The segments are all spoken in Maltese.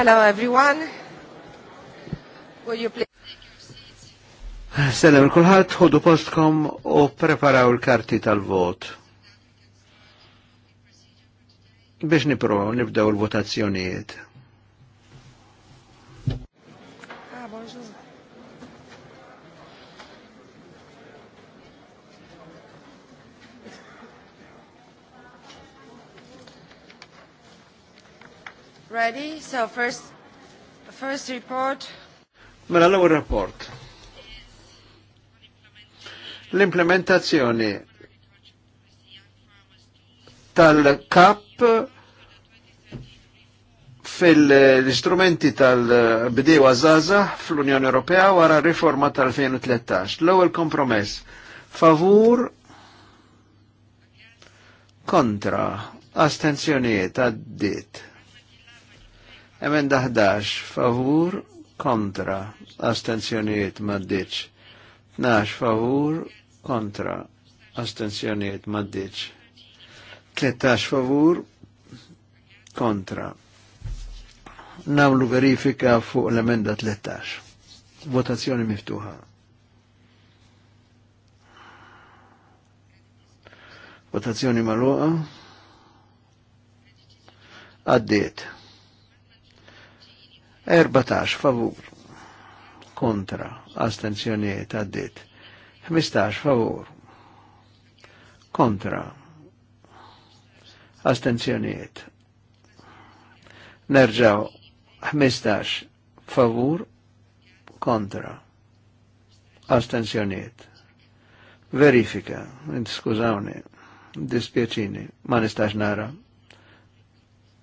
Hello everyone. Will you please Sellem il kulħadd ħodu postkom u preparaw il-karti tal-vot. Biex niprovaw nibdew il-votazzjonijiet. ready. So first, first report. Mela l-ewwel rapport. L-implementazzjoni tal-kap fil-istrumenti tal-bidewa għazaza fl-Unjoni Ewropea wara riforma tal-2013. L-ewwel kompromess. Favur kontra astenzjoniet għaddit. Emenda 11, favur, kontra, astenzjoniet maddiċ. 12, favur, kontra, astenzjoniet maddiċ. 13, favur, kontra. Namlu verifika fuq l-emenda 13. Votazzjoni miftuħa. Votazzjoni maluqa. Addiet. 14 favur kontra astenzjoniet għaddit 15 favur kontra astenzjoniet nerġaw 15 favur kontra astenzjoniet verifika skużawni dispjaċini ma nistax nara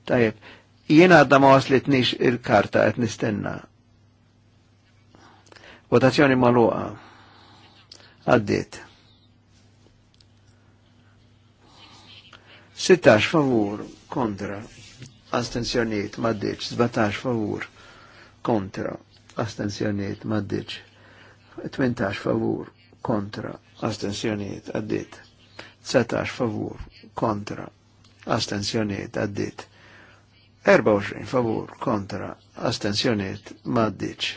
tajjeb Jiena għadda ma waslitnix il-karta qed nistenna. Votazzjoni maluqa. Għaddiet. 16 favur kontra astensjoniet maddiċ, 17 favur kontra astensjoniet maddiċ, 18 favur kontra astensjoniet għaddit, 19 favur kontra astensjoniet għaddit, 24 favur kontra astenzjoniet maddiċ.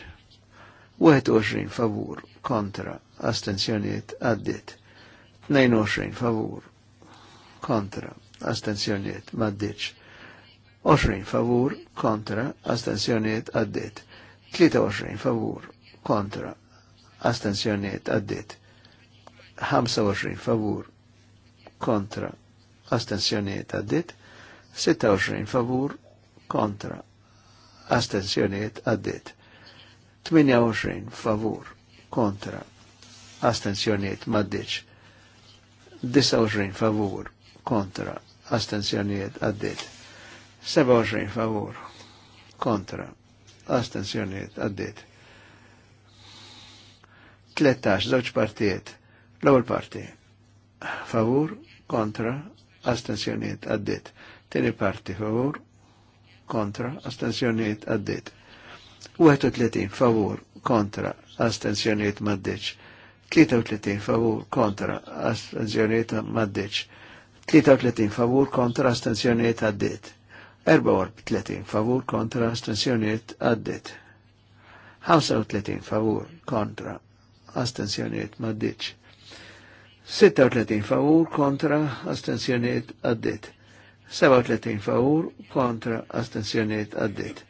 21 favur kontra astenzjoniet għaddit. 22 favur kontra astenzjoniet maddiċ. 20 favur kontra astenzjoniet għaddit. 23 favur kontra astenzjoniet għaddit. 25 favur kontra astenzjoniet għaddit. 26 favur kontra Astenzjoniet għaddit. 28 favur kontra Astenzjoniet maddiċ. 29 favur kontra Astenzjoniet għaddit. 27 favur kontra Astenzjoniet għaddit. 13 zoċ partijiet l-ewwel parti favur kontra Astenzjoniet għaddit. Tieni parti favur kontra, astensjoniet għaddit. 31 favur, kontra, astensjoniet maddiċ. 33 favur, kontra, astensjoniet maddiċ. 33 favur, kontra, astensjoniet għaddit. 34 favur, kontra, astensjoniet għaddit. 35 favur, kontra, astensjoniet maddiċ. 36 favur, kontra, astensjoniet għaddit. 37 favur kontra astensjoniet għaddit.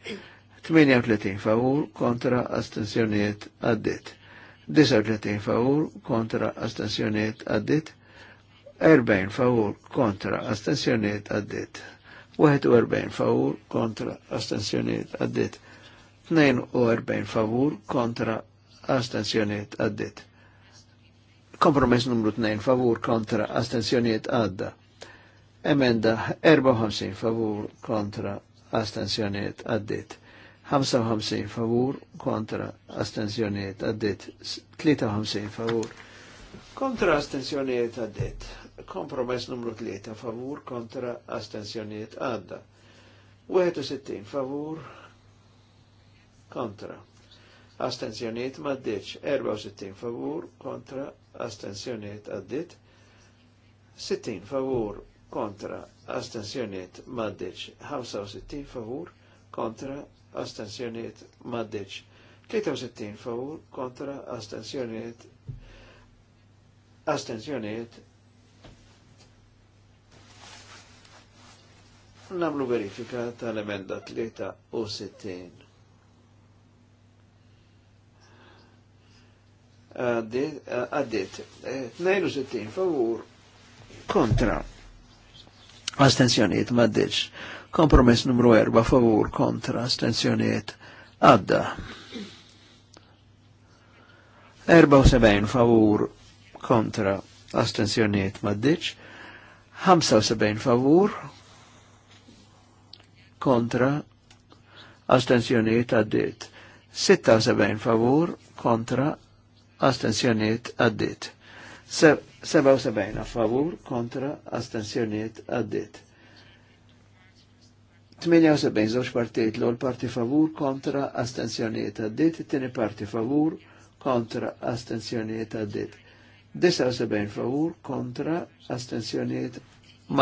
38 favur kontra astensjoniet għaddit. 39 favur kontra astensjoniet għaddit. 40 favur kontra astensjoniet għaddit. 41 favur kontra astensjoniet għaddit. 42 favur kontra astensjoniet għaddit. Kompromess numru 2 favur kontra astensjoniet għadda. Emenda 54 favur kontra astensjoniet għaddit. 55 favur kontra astensjoniet għaddit. 53 favur kontra astensjoniet għaddit. Kompromess numru 3 favur kontra astensjoniet għadda. 61 favur kontra. Astenzjoniet maddeċ 64 favur kontra astenzjoniet għaddit 60 favur kontra astensjoniet maddeċ 65 favur kontra astensjoniet maddeċ 63 favur kontra astensjoniet astensjoniet namlu verifika tal-emenda 63 għaddit 62 eh, favur kontra Astenzjoniet maddiċ. Kompromess numru 4 favur kontra astenzjoniet għadda. 74 favur kontra astenzjoniet maddiċ. 75 favur kontra astenzjoniet għaddit. 76 favur kontra astenzjoniet għaddit. 77 a favur kontra astensjoniet għaddit. 78 zoċ partijiet l-ol parti favur kontra astensjoniet għaddit, it-tini parti favur kontra astensjoniet għaddit. 79 favur kontra astensjoniet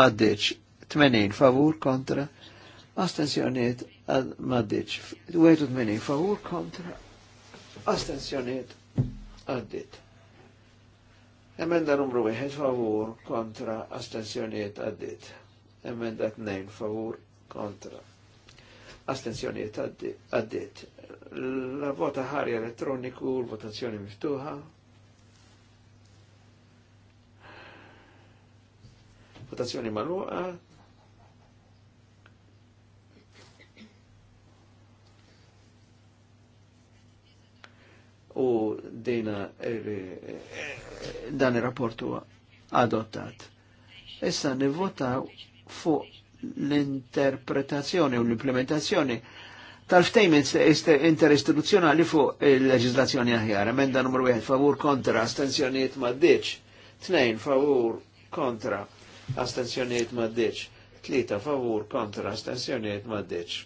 maddeċ. 80 favur kontra astensjoniet maddeċ. 80 favur kontra astensjoniet għaddit. Emenda numru 1 favur kontra astensjoniet għaddit. Emenda 2 favur kontra astensjoniet għaddit. La vota ħarja elettroniku, l-votazzjoni miftuħa. Votazzjoni maluqa. u dina eh, eh, dan il-rapportu adottat. Issa nivvotaw fuq l-interpretazzjoni u l-implementazzjoni tal ftejmenz interistituzjonali fuq il-leġizlazzjoni aħjar. Emenda numru 1 favur kontra astenzjoniet maddiċ. 2 favur kontra astenzjoniet maddiċ. 3 favur kontra astenzjoniet maddiċ.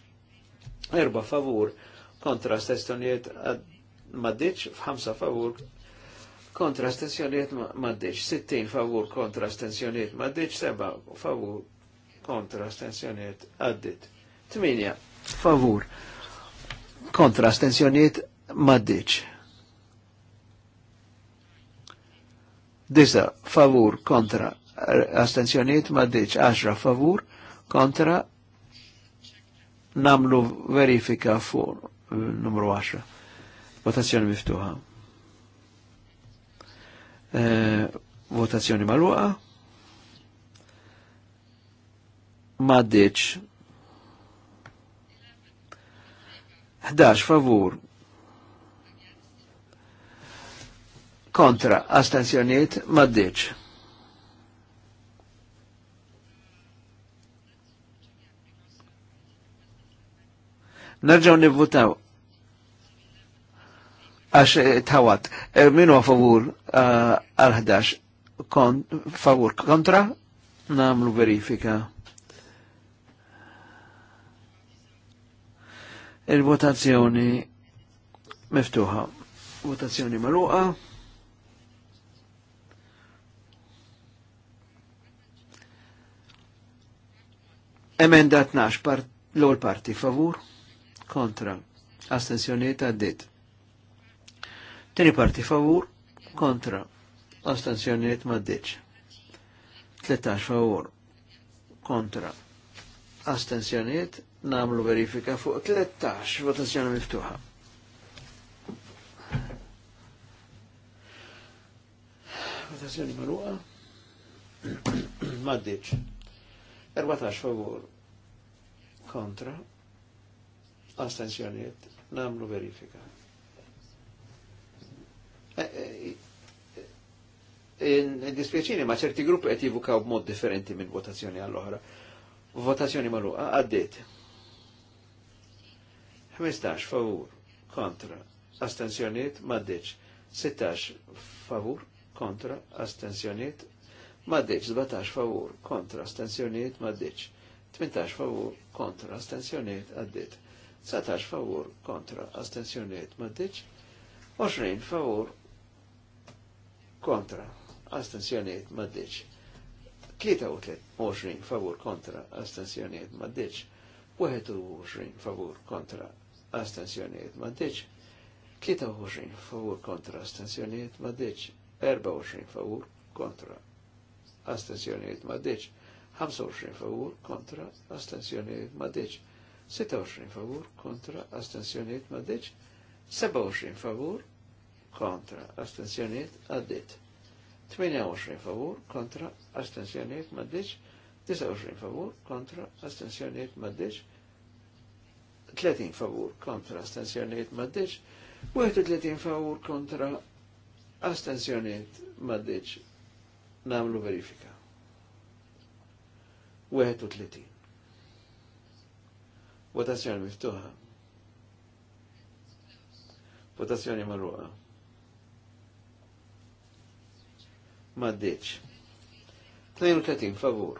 4 favur kontra astenzjoniet maddiċ, f'ħamsa favur kontra astensjoniet maddiċ, 60 favur kontra astensjoniet maddiċ, 7 favur kontra astensjoniet għaddit. 8 favur kontra astensjoniet maddiċ. Disa favur kontra astenzjoniet maddiċ, 10 favur kontra namlu verifika fu eh, numru 10. Votazzjoni miftuħa. Eh, votazzjoni marruqa. Maddiċ. 11 favur. Kontra, astensjoniet, maddiċ. Nerġaw nivvutaw għax eh, tawat. Eh, Minu favur eh, għal-11 favur kontra namlu verifika. Il-votazzjoni miftuħa. Votazzjoni maluqa. Emenda 12, l-ol parti favur, kontra, astensjoniet għaddit Tini parti favur kontra astanzjoniet maddiċ. 13 favur kontra astensjoniet namlu verifika fuq 13 votazzjoni miftuħa. Votazzjoni marruqa. Maddiċ. 14 favur kontra astensjoniet namlu verifika. Eh, eh, eh, Dispjaċini ma ċerti gruppi qed jivukaw b'mod differenti minn votazzjoni għall-oħra. Votazzjoni magħluqa għaddit. 15 favur kontra astensjoniet maddeċ. 16 favur kontra astensjoniet maddeċ. 17 favur kontra astensjoniet maddeċ. 18 favur kontra astensjoniet għaddit. 19 favur kontra astensjoniet maddeċ. 20 favur kontra, astensjoniet maddiċ. 23 favur kontra, astensjoniet maddiċ. 21 favur kontra, astensjoniet maddiċ. 23 favur kontra, astensjoniet maddiċ. 24 favur kontra, astensjoniet maddiċ. 25 favur kontra, astensjoniet maddiċ. 26 favur kontra, astensjoniet maddiċ. 27 favur kontra, kontra astensjoniet għaddit. 28 favur kontra astensjoniet maddiċ, 29 favur kontra astensjoniet maddiċ, 30 favur kontra astensjoniet maddiċ, 31 favur kontra astensjoniet maddiċ namlu verifika. 31. Votazzjoni miftuħa. Votazzjoni marruqa. maddiċ. 32 favur.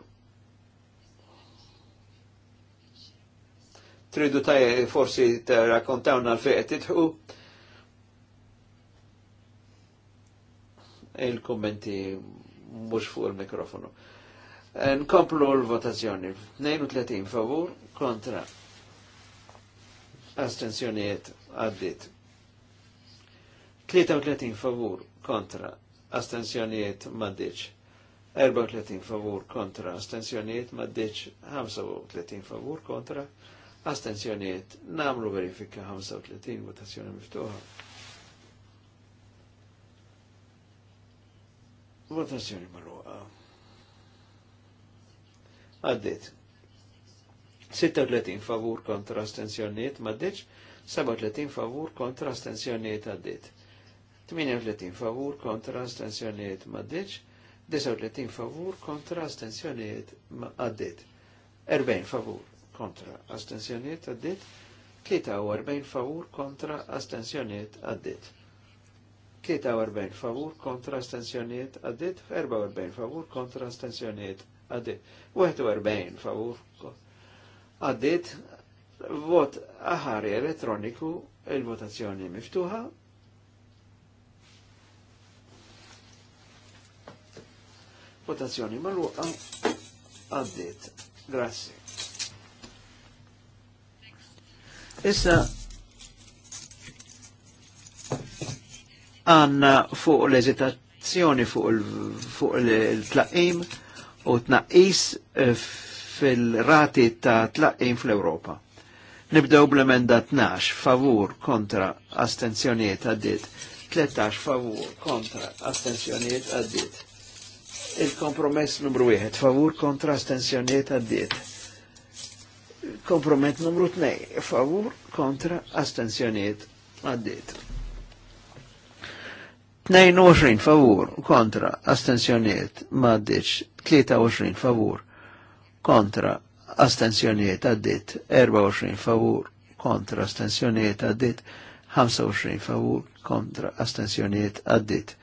Tridu taj e, forsi ta' rakontawna l-feqet titħu il-kommenti e, mux fuq il-mikrofonu. E, nkomplu l-votazzjoni. 32 favur kontra Astenzjoniet għaddit. 33 favur kontra astensjonijiet maddiċ. 34 favur kontra astensjonijiet maddiċ 35 favur kontra astensjonijiet namlu verifika 35 votazzjoni miftuħa. Votazzjoni marruqa. Għaddit. 36 favur kontra astensjonijiet maddiċ 37 favur kontra astensjonijiet għaddit. 38 favur kontra astensjoniet maddiċ, 39 favur kontra astensjoniet għaddit, 40 favur kontra astensjoniet għaddit, 43 favur kontra astensjoniet għaddit. 43 favur kontra astensjoniet għaddit, 44 favur kontra astensjoniet għaddit, 41 favur għaddit, vot aħari elettroniku, il-votazzjoni miftuħa, votazzjoni maluqa għaddit. Grazie. Issa għanna fuq l-eżitazzjoni fuq il-tlaqim u tnaqis eh, fil-rati ta' tlaqim fl-Europa. Nibdew bl-emenda 12 favur kontra astenzjoniet għaddit, 13 favur kontra astenzjoniet għaddit. Il-kompromess numru 1, favur kontra astensjoniet għaddiet. Kompromess numru 2, favur kontra astensjoniet għaddiet. 22 favur kontra astensjoniet maddiċ 23 favur kontra astensjoniet għaddit 24 favur kontra astensjoniet għaddit 25 favur kontra astensjoniet għaddit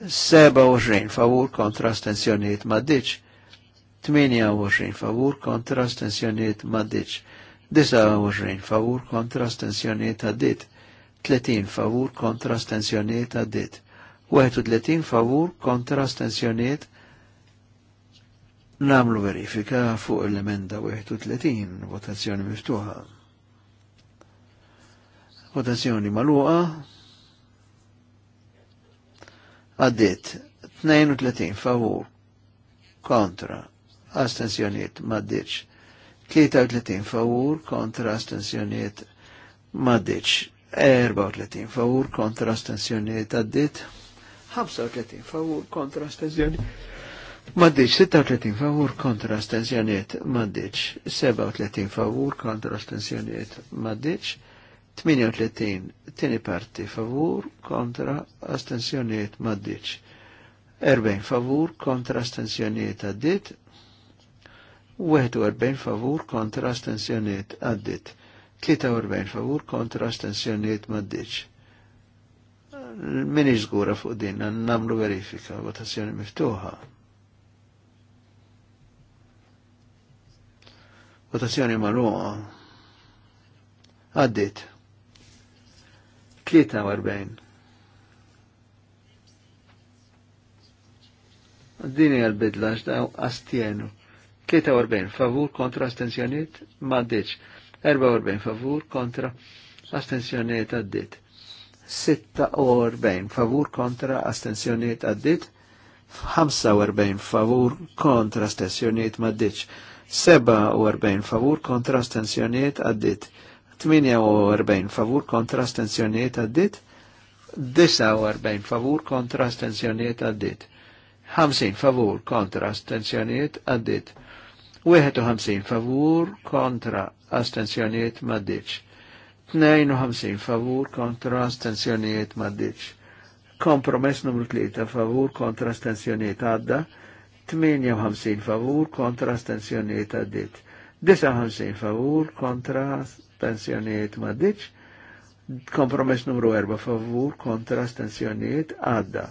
27 favur kontra astensjoniet maddiċ, 28 favur kontra astensjoniet maddiċ, 29 favur kontra astensjoniet għaddit, 30 favur kontra astensjoniet għaddit, 31 favur kontra astensjoniet namlu verifika fuq l-emenda 31, votazzjoni miftuħa. Votazzjoni maluqa, għaddit 32 favur kontra astensjoniet maddiċ 33 favur kontra astensjoniet maddiċ 34 favur kontra astensjoniet għaddit 35 favur kontra astensjoniet maddiċ 36 favur kontra astensjoniet maddiċ 37 favur kontra astensjoniet maddiċ 38 Tini parti favur kontra astensjoniet maddiċ. Erbejn favur kontra astensjoniet għaddit. 41 favur kontra astensjoniet għaddit. 43 favur kontra astensjoniet maddiċ. Minni żgura fuq din, namlu verifika, votazzjoni miftuħa. Votazzjoni maluqa. Għaddit. 43. Dini għal-bidla ġdaw astienu. 43 favur kontra astensjoniet maddeċ. 44 favur kontra astensjoniet għaddit. 46 favur kontra astensjoniet għaddit. 45 favur kontra astensjoniet maddeċ. 47 favur kontra astensjoniet għaddit. 48 favur kontra astenzjoniet għaddit, 49 favur kontra astenzjoniet għaddit, 50 favur kontra astenzjoniet għaddit, 51 favur kontra astenzjoniet maddiċ, 52 favur kontra astenzjoniet maddiċ, kompromess numru 3 favur kontra astenzjoniet għadda, 58 favur kontra astenzjoniet għaddit, 59 favur kontra astensjoniet maddiċ, kompromess numru 4 favur kontra astensjoniet għadda.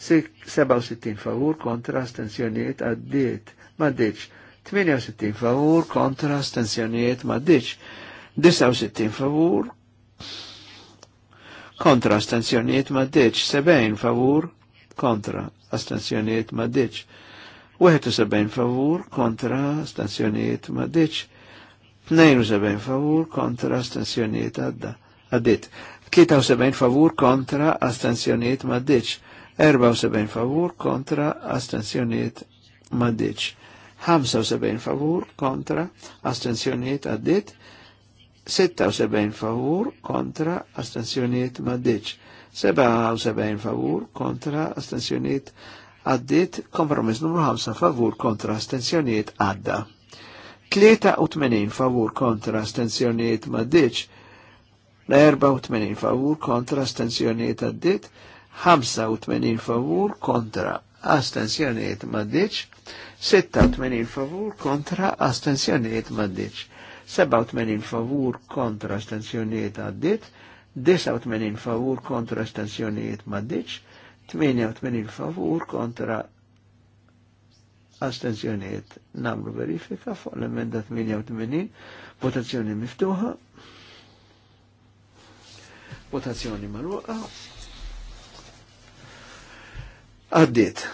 67 favur kontra astensjoniet għaddiet maddiċ. 68 favur kontra astensjoniet maddiċ. 69 favur kontra astensjoniet maddiċ. 70 favur kontra astensjoniet maddiċ. 71 favur kontra astensjoniet maddiċ. 72 favur kontra astensjoniet għadda. Għaddit. 73 favur kontra astensjoniet maddiċ. 74 favur kontra astensjoniet maddiċ. 75 favur kontra astensjoniet għaddit. 76 favur kontra astensjoniet maddiċ. 77 favur kontra astensjoniet għaddit. Kompromis numru 5 favur kontra astensjoniet għadda. 83 favur kontra astensjoniet ma ditx, 84 favur kontra astensjoniet għaddit, 85 favur kontra astensjoniet ma ditx, 86 favur kontra astensjoniet ma ditx, 87 favur kontra astensjoniet għaddit, 89 favur kontra astensjoniet ma ditx, 88 favur kontra astenzjoniet namlu verifika fuq l-emenda 88, votazzjoni miftuħa, votazzjoni marruqa, għaddit.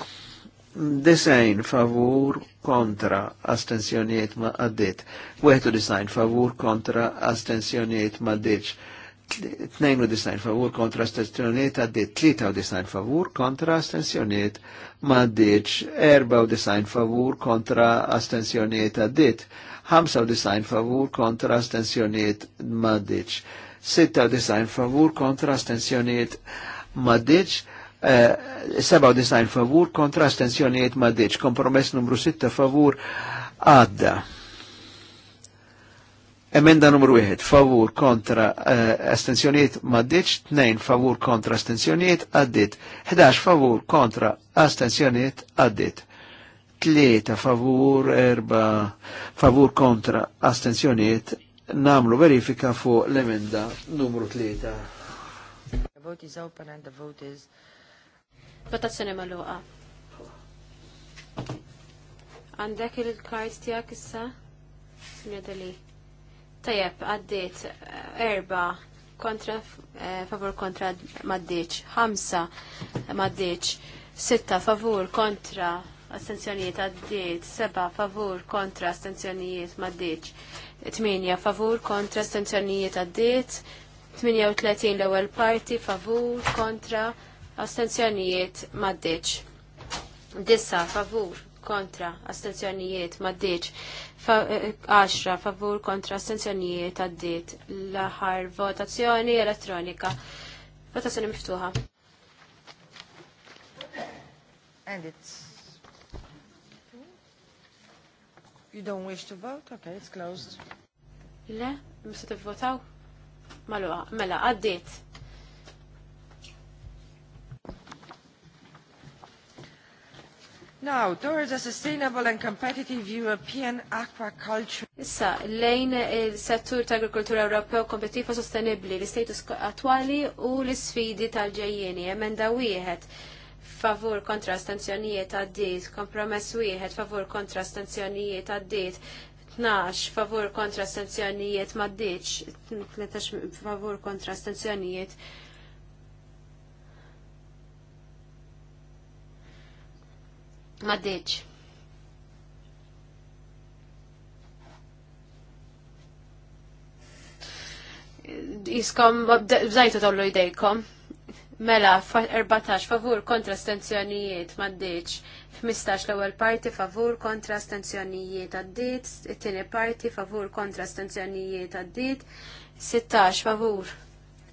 Design favur kontra astenzjoniet ma għaddit. 1 design favur kontra astenzjoniet ma għaddit. 2 design favur kontra astenzjoniet għaddit. 3 design favur kontra astenzjoniet għaddit maddiċ 94 favur kontra astensjoniet għaddit, 95 favur kontra astensjoniet maddiċ, 96 favur kontra astensjoniet maddiċ, 97 eh, favur kontra astensjoniet maddiċ, kompromess numru 6 favur għadda. Emenda numru 1, favur kontra uh, eh, astenzjoniet maddiċ, 2 favur kontra astenzjoniet għaddit, 11 favur kontra astenzjoniet għaddit, 3 favur, 4 favur kontra astenzjoniet namlu verifika fu l-emenda numru 3. The vote is open and the vote is... Votazzjoni maluqa. Għandek il kajt tijak issa? Signor Deli. Tajjeb, għaddiet eh, erba kontra eh, favur kontra maddiċ, ħamsa maddiċ, sitta favur kontra astenzjonijiet għaddiet, seba favur kontra astenzjonijiet maddiċ, tminja favur kontra astenzjonijiet għaddiet, 38 l-ewwel parti favur kontra astenzjonijiet maddiċ. Dissa favur kontra astenzjonijiet maddiċ 10 eh, favur kontra astenzjonijiet għaddit l-aħar votazzjoni elettronika votazzjoni miftuħa and it's you don't wish to vote okay it's closed le mista tivvotaw mela għaddit Now, towards a sustainable and competitive European aquaculture. Issa, lejn il-settur ta' agrikultura Ewropew kompetitiv u sostenibli, l-istatus attwali u l-sfidi tal-ġejjeni, emenda wieħed favur kontra stanzjonijiet għaddit, kompromess wieħed favur kontra stanzjonijiet għaddit, 12 favur kontra stanzjonijiet maddiċ, 13 favur kontra stanzjonijiet Ma ditx. Jiskom, bżajtu tollu idejkom. Mela, 14 favur kontra stenzjonijiet maddiċ, 15 l-ewwel parti favur kontra stenzjonijiet għaddit, it-tieni parti favur kontra stenzjonijiet għaddit, 16 favur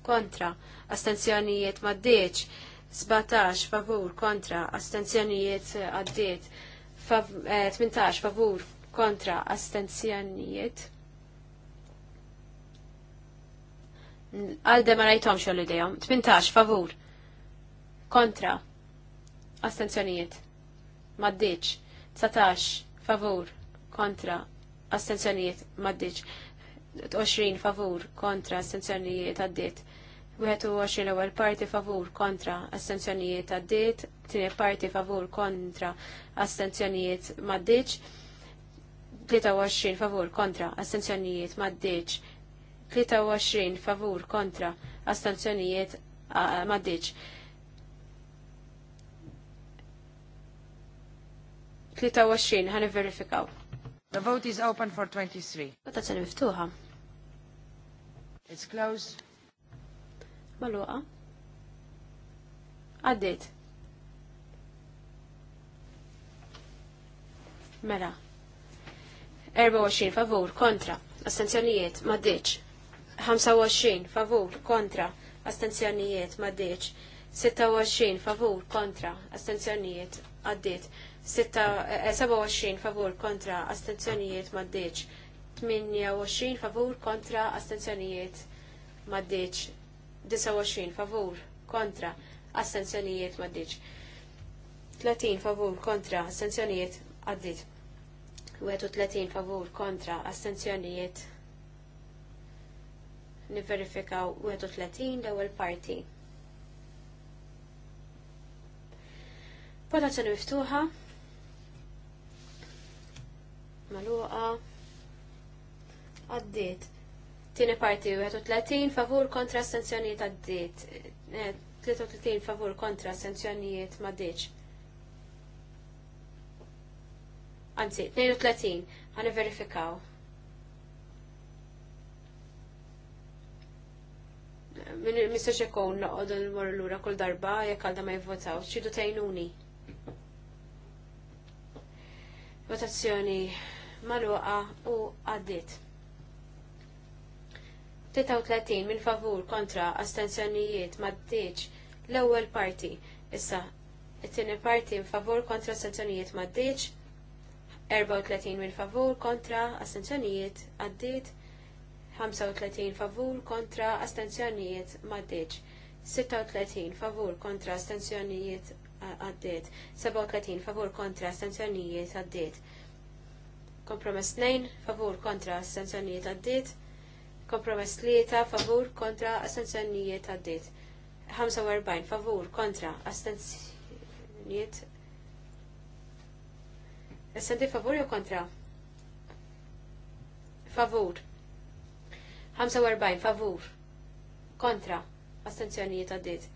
kontra astenzjonijiet maddiċ, 17 eh, eh, favur kontra astenzjonijiet għaddiet. 18 favur kontra astenzjonijiet. Għalde ma rajtom xo li idejom 18 favur kontra astenzjonijiet. Maddiċ. 19 favur kontra astenzjonijiet. Maddiċ. 20 favur kontra astenzjonijiet għaddiet. 21 l-ewwel parti favur kontra astenzjonijiet għaddiet, tieni parti favur kontra astenzjonijiet m'għaddiċ, 23 favur kontra astenzjonijiet m'għaddiċ, 23 favur kontra astenzjonijiet m'għaddiċ. 23 ħan verifikaw. The vote is open for 23. Votazzjoni miftuħa. It's closed maluqa. Għaddit. Mela. 24 favur kontra astenzjonijiet ma deċ 25 favur kontra astenzjonijiet ma deċ 26 favur kontra astenzjonijiet għaddit 27 eh, eh, favur kontra astenzjonijiet ma 28 favur kontra astenzjonijiet ma 29 favur kontra astenzjonijiet maddiċ. 30 favur kontra astenzjonijiet għaddit. 31 favur kontra astenzjonijiet niverifikaw 31 l-ewwel parti. Votazzjoni miftuħa. Maluqa. Għaddiet Tieni parti 31 favur kontra astensjonijiet għaddiet. Eh, 33 favur kontra astensjonijiet ma Anzi, 32 ħani verifikaw. Mr. Ġekon noqod l-mor l-ura kull darba jekk għalda ma jivvotaw. ċidu tajnuni. Votazzjoni maluqa u għaddit. 33 minn favur kontra astenzjonijiet maddiċ l-ewwel parti. Issa, it-tieni parti minn favur kontra astenzjonijiet maddiċ 34 minn favur kontra astenzjonijiet għaddiet 35 favur kontra astenzjonijiet maddiċ 36 favur kontra astenzjonijiet għaddiet 37 favur kontra astenzjonijiet għaddiet Kompromess 2 favur kontra astenzjonijiet għaddiet Kompromess tlieta favur kontra astenzjonijiet għaddit. 45 favur kontra astenzjonijiet. Essenti favur jew kontra? Favur. 45 favur kontra astenzjonijiet għaddit.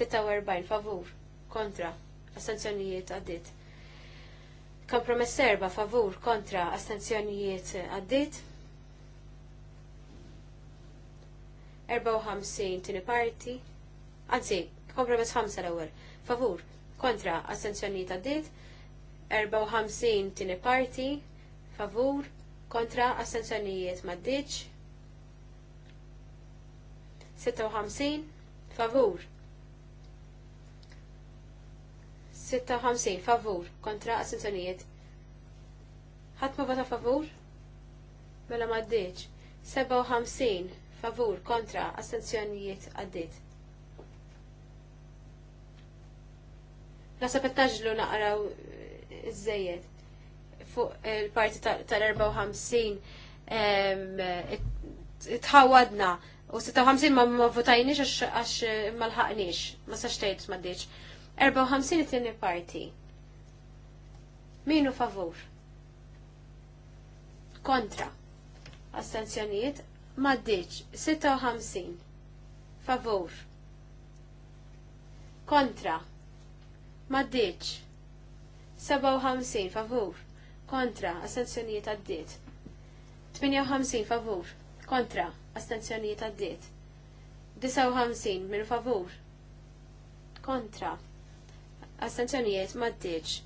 46 favur kontra astenzjonijiet għaddit. Kompromess serba favur kontra astenzjonijiet għaddit. 54 tini parti, anzi, kompromess 5 l-ewel, favur, kontra, ta' dit, 54 tini parti, favur, kontra, assenzjonijiet maddiċ, 56, favur, 56, favur, kontra, assenzjonijiet ħatma vota favur? Mela maddiċ. 57, favur kontra astenzjonijiet għaddit. Nasa pettaġlu naqraw eh, iż-żejjed fuq il-parti eh, tal-54 eh, tħawadna u 56 ma votajniex għax ma lħaqniex, ma sax tgħid ma ddiċ. 54 it-tieni parti. Minu favur? Kontra. Astenzjonijiet maddiċ 56 favur kontra maddiċ 57 favur kontra astenzjoniet għaddiet 58 favur kontra astenzjoniet għaddit 59 minn favur kontra Astenzjoniet maddiċ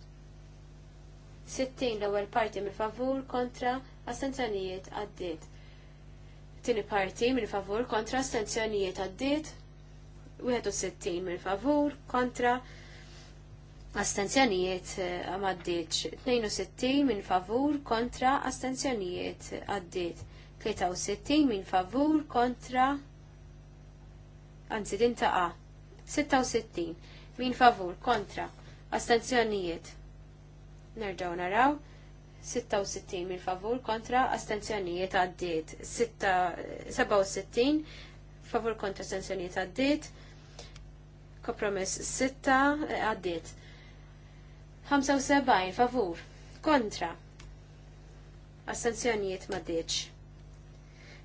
60 l-ewwel parti minn favur kontra astenzjonijiet għaddiet Tini parti minn favur kontra stenzjonijiet għaddit. 61 minn favur kontra astenzjonijiet għaddit. 62 minn eh, favur kontra astenzjonijiet għaddit. 63 minn favur kontra anzi din taqa. 66 minn favur kontra astenzjonijiet. Nerġaw naraw. 66 minn favur kontra astenzjonijiet għaddit 67 favur kontra astenzjonijiet għaddit Kompromess 6 eh, għaddiet. 75 favur kontra astenzjonijiet maddiċ.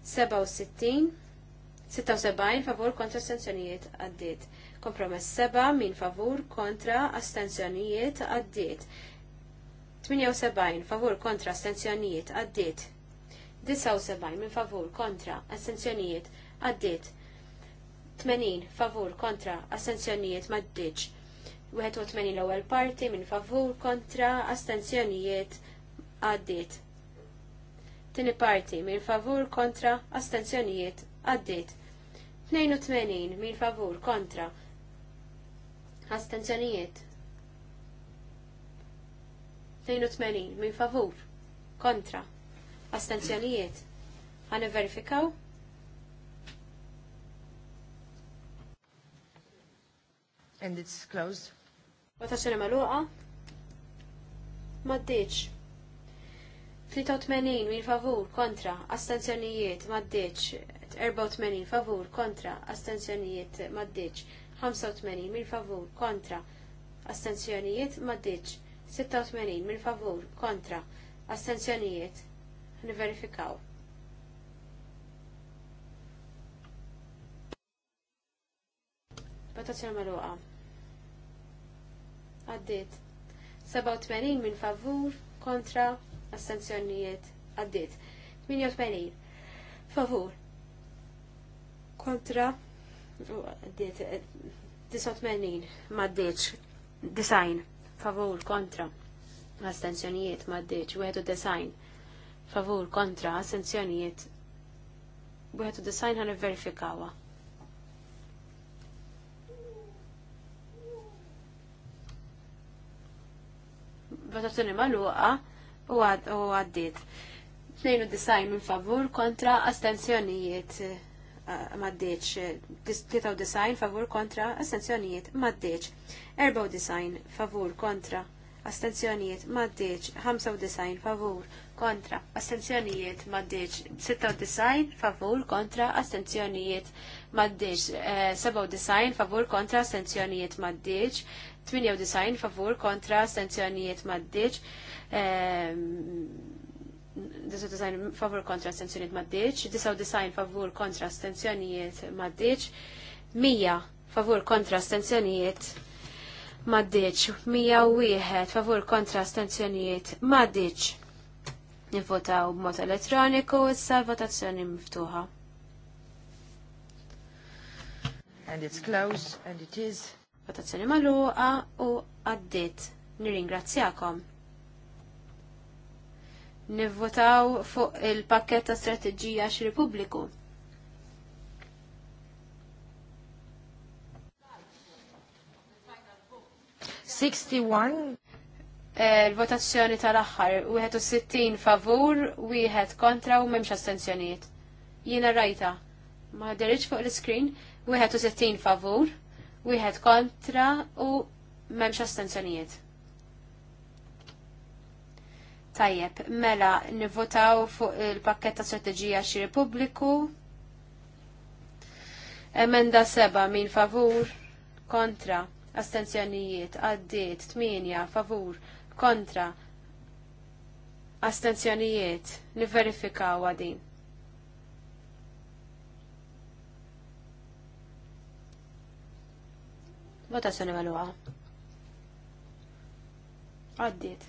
67 76 favur kontra astenzjonijiet għaddit Kompromess 7 min favur kontra astenzjonijiet għaddit 78 favur kontra astenzjonijiet għaddit. 79 min favur kontra astenzjonijiet għaddit. 80 favur kontra astenzjonijiet maddiċ. 81 l-ewwel parti minn favur kontra astenzjonijiet għaddiet. Tini parti minn favur kontra astenzjonijiet għaddit. 82 minn favur kontra astenzjonijiet 82 min favur kontra astenzjonijiet ħan verifikaw And it's closed. Votazzjoni maluqa. Maddiċ. 83 min favur kontra astenzjonijiet maddiċ. 84 favur kontra astenzjonijiet maddiċ. 85 min favur kontra astenzjonijiet maddiċ. 86 minn favur kontra astenzjonijiet niverifikaw. Votazzjoni magħluqa. Għaddiet. 87 minn favur kontra astenzjonijiet għaddiet. 88 favur kontra u għaddiet 89 maddiċ design favur kontra astenzjonijiet maddiċ design. favur kontra astenzjonijiet 91 għan verifikawa votazzjoni maluqa u għaddit design minn favur kontra astenzjonijiet maddeċ 93 favur kontra astenzjonijiet maddeċ 94 favur kontra astenzjonijiet maddeċ 95 favur kontra astenzjonijiet maddeċ 96 favur kontra astenzjonijiet maddeċ 97 eh, favur kontra astenzjonijiet maddeċ 98 favur kontra astenzjonijiet maddeċ ehm, 99 favur kontra stenzjoniet maddiċ, 99 favur kontra stenzjoniet maddiċ, 100 favur kontra stenzjoniet maddiċ, 101 favur kontra astenzjoniet maddiċ. Nivvotaw b'mod elettroniku issa votazzjoni miftuħa. And it's close and it is. Votazzjoni maluqa u għaddit. Nirringrazzjakom nivvotaw fuq il-pakket ta' strateġija x-Republiku. Il-votazzjoni eh, tal-axħar, 60 favur, wieħed kontra u memx astenzjoniet. Jiena rajta, ma derriċ fuq l-screen, 60 favur, wieħed kontra u memx astenzjoniet. Tajjeb, mela nivvotaw fuq il ta' strategija xi Repubbliku. Emenda seba' min favur kontra astenzjonijiet għaddiet 8 favur kontra astenzjonijiet niverifikaw għadin. Votazzjoni maluqa. Għaddiet.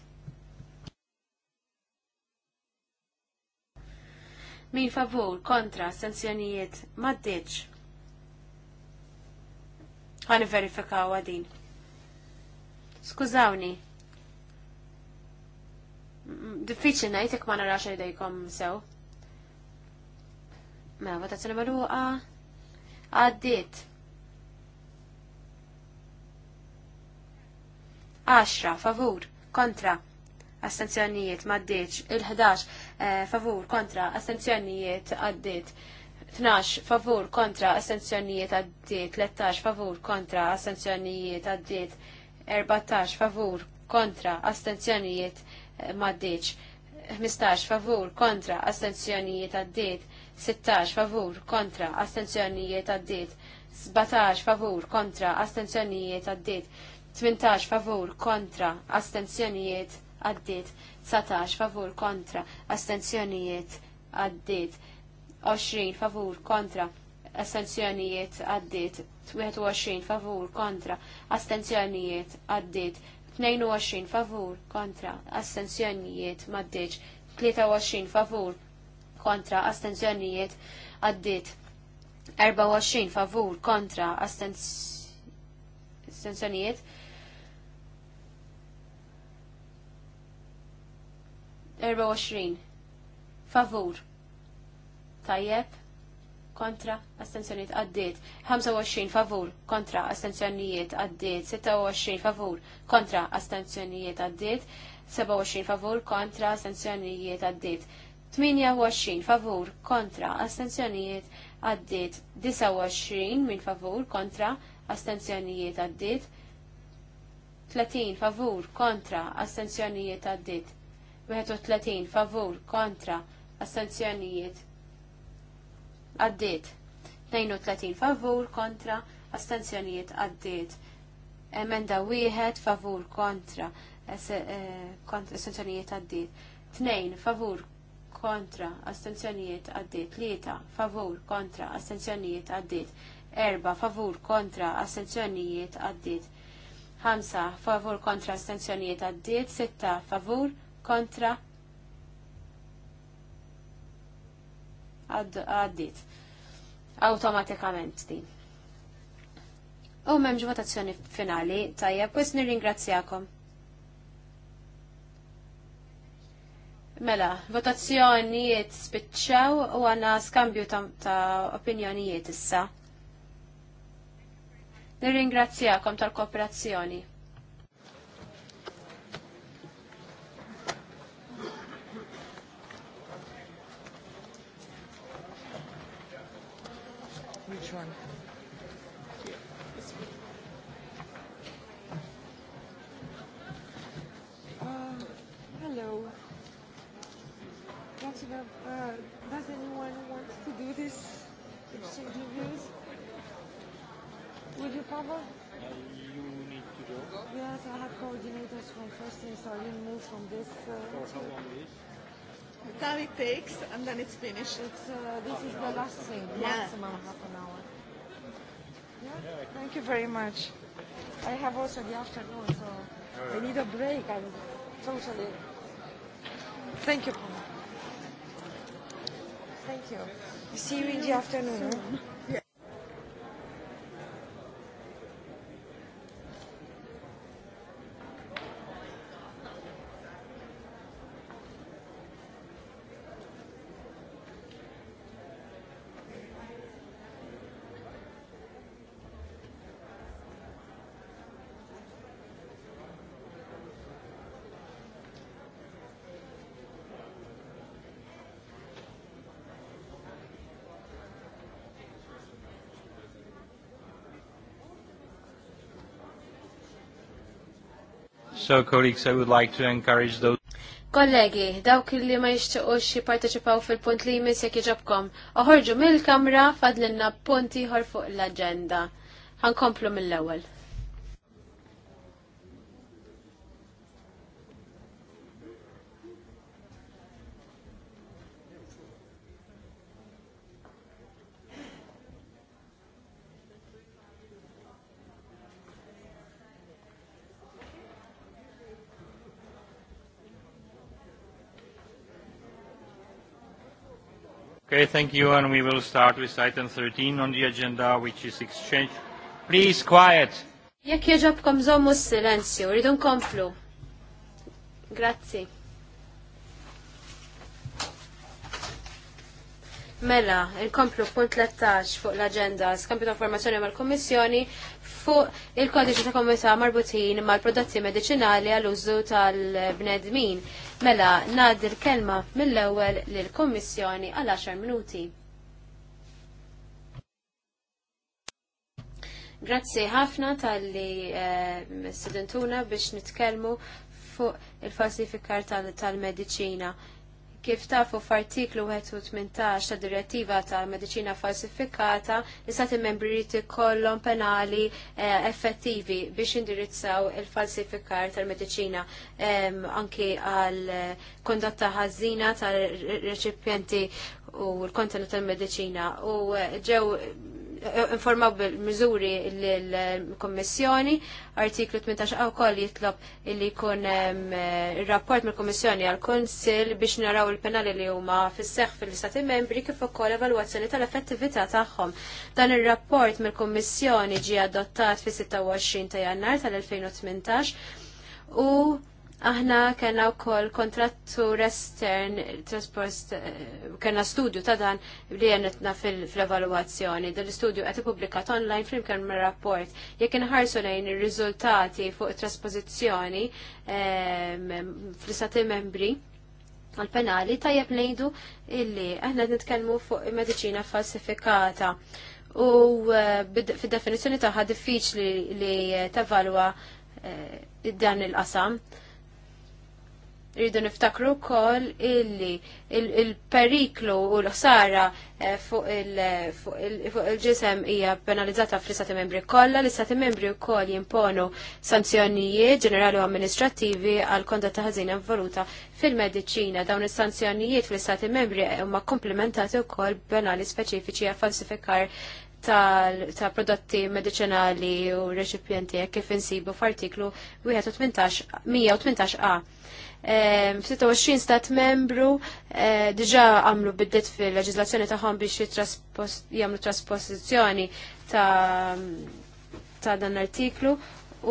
Min favur kontra sanzjonijiet maddiċ. Għan verifikaw għadin. Skużawni. Mm, diffiċli najtek ma narax għajdejkom sew. Ma mela, votazzjoni maluqa. Għaddit. Għaxra, favur kontra astenzjonijiet maddeċ, il ħdax Eh, favur kontra astenzjonijiet għaddit 12 favur kontra astenzjonijiet għaddit 13 favur kontra astenzjonijiet għaddit 14 favur kontra astenzjonijiet eh, maddiċ 15 favur kontra astenzjonijiet għaddit 16 favur kontra astenzjonijiet għaddit 17 favur kontra astenzjonijiet għaddit 18 favur kontra astenzjonijiet għaddit 19 favur kontra astenzjonijiet għaddit 20 favur kontra astenzjonijiet għaddit 21 favur kontra astenzjonijiet għaddit 22 favur kontra astenzjonijiet maddiċ 23 favur kontra astenzjonijiet għaddit 24 favur kontra astenzjonijiet 24. Favur. Tajjeb. Kontra. Astenzjoniet għaddiet. 25. Favur. Kontra. Astenzjonijiet għaddiet. 26. Favur. Kontra. Astenzjonijiet għaddiet. 27. Favur. Kontra. Astenzjonijiet għaddiet. 28 favur kontra astenzjonijiet għaddiet. 29 min favur kontra astenzjonijiet għaddiet. 30 favur kontra astenzjonijiet għaddiet. 31 favur kontra astenzjonijiet għaddit 32 favur kontra astenzjonijiet għaddit emenda wieħed favur kontra eh, astenzjonijiet għaddit 2 favur kontra astenzjonijiet għaddit 3 favur kontra astenzjonijiet għaddit 4 favur kontra astenzjonijiet għaddit 5 favur kontra astenzjonijiet għaddit 6 favur kontra għaddit automatikament din. U memġ votazzjoni finali, tajjeb, kwis nir-ringrazzjakom. Mela, votazzjonijiet spiċċaw u għanna skambju ta' opinjonijiet issa. Nirringrazzjakom tal-kooperazzjoni. So, Councillor, uh, does anyone want to do this exchange of views? Would you cover? Uh, you need to go. Yes, I have coordinators from first thing so I will move from this. Uh, For how long is? The time it takes, and then it's finished. It's, uh, this is the last thing, yeah. maximum half an hour. Yeah? Thank you very much. I have also the afternoon, so I need a break. I'm totally Thank you. Thank you. See you in the afternoon. So, colleagues, I would like to encourage those... Kollegi, dawk li ma jixtiequx jipparteċipaw fil-punt li jmiss jekk iġobkom, oħorġu mill-kamra fadlinna punti ħor fuq l-agenda. Ħankomplu mill-ewwel. Okay, thank you, and we will start with item 13 on the agenda, which is exchange. Please, quiet! Jekk jieġobkom zommu s-silenzju, rridu nkomplu. Grazzi. Mela, il-komplu punt 13 fuq l-agenda, skampi ta' informazzjoni mal komissjoni fuq il-kodiċi ta' komunità marbutin mal-prodotti medicinali għall-użu tal-bnedmin. Mela, nad il-kelma mill-ewwel lill-Kummissjoni għal 10 minuti. Grazzi ħafna tal-li eh, studentuna biex nitkelmu fuq il-falsifikar tal-medicina. Tal Kif tafu f'artiklu 18 ta' direttiva ta' medicina falsifikata, l-istati membri rrit ikollhom penali eh, effettivi biex indirizzaw il-falsifikar tal-medicina anki għal eh, kondotta ħażina tal-reċipjenti u l-kontenut tal-medicina u eh, ġew informaw bil-mizuri l-Kommissjoni, artiklu 18 għaw koll jitlob li kun eh, rapport mill-Kommissjoni għal-Konsil biex naraw il-penali li huma fis-seħ fil-Stati membri kif ukoll evalwazzjoni tal-effettività tagħhom. Dan ir-rapport mill-Kommissjoni ġie adottat fis-26 ta' Jannar tal-2018 u Aħna kena u kol kontrattu restern trasport, eh, kena studju ta' dan li jenetna fil-evaluazzjoni. Dal studju għati publikat online flimkien me rapport. Jek nħarsu lejn il-rizultati fuq trasposizjoni ehm, fl-istati membri għal-penali, tajjeb nejdu illi aħna nitkelmu fuq medicina falsifikata. U eh, fil-definizjoni taħħa diffiċli li eh, tavalwa dan il-qasam. Rridu niftakru wkoll illi il-periklu u l-ħsara eh, fuq il-ġisem hija penalizzata fl-istati membri kollha, l-istati membri wkoll jimponu sanzjonijiet ġenerali u amministrattivi għal ta' ħażina involuta fil-mediċina. Dawn is-sanzjonijiet fl-istati membri huma komplementati wkoll penali speċifiċi għal falsifikar ta' prodotti medicinali u reċipjenti kif insibu f'artiklu 118a. 26 stat membru eh, diġa għamlu biddet fil-leġizlazzjoni tagħhom biex jagħmlu trasposizjoni ta' dan l-artiklu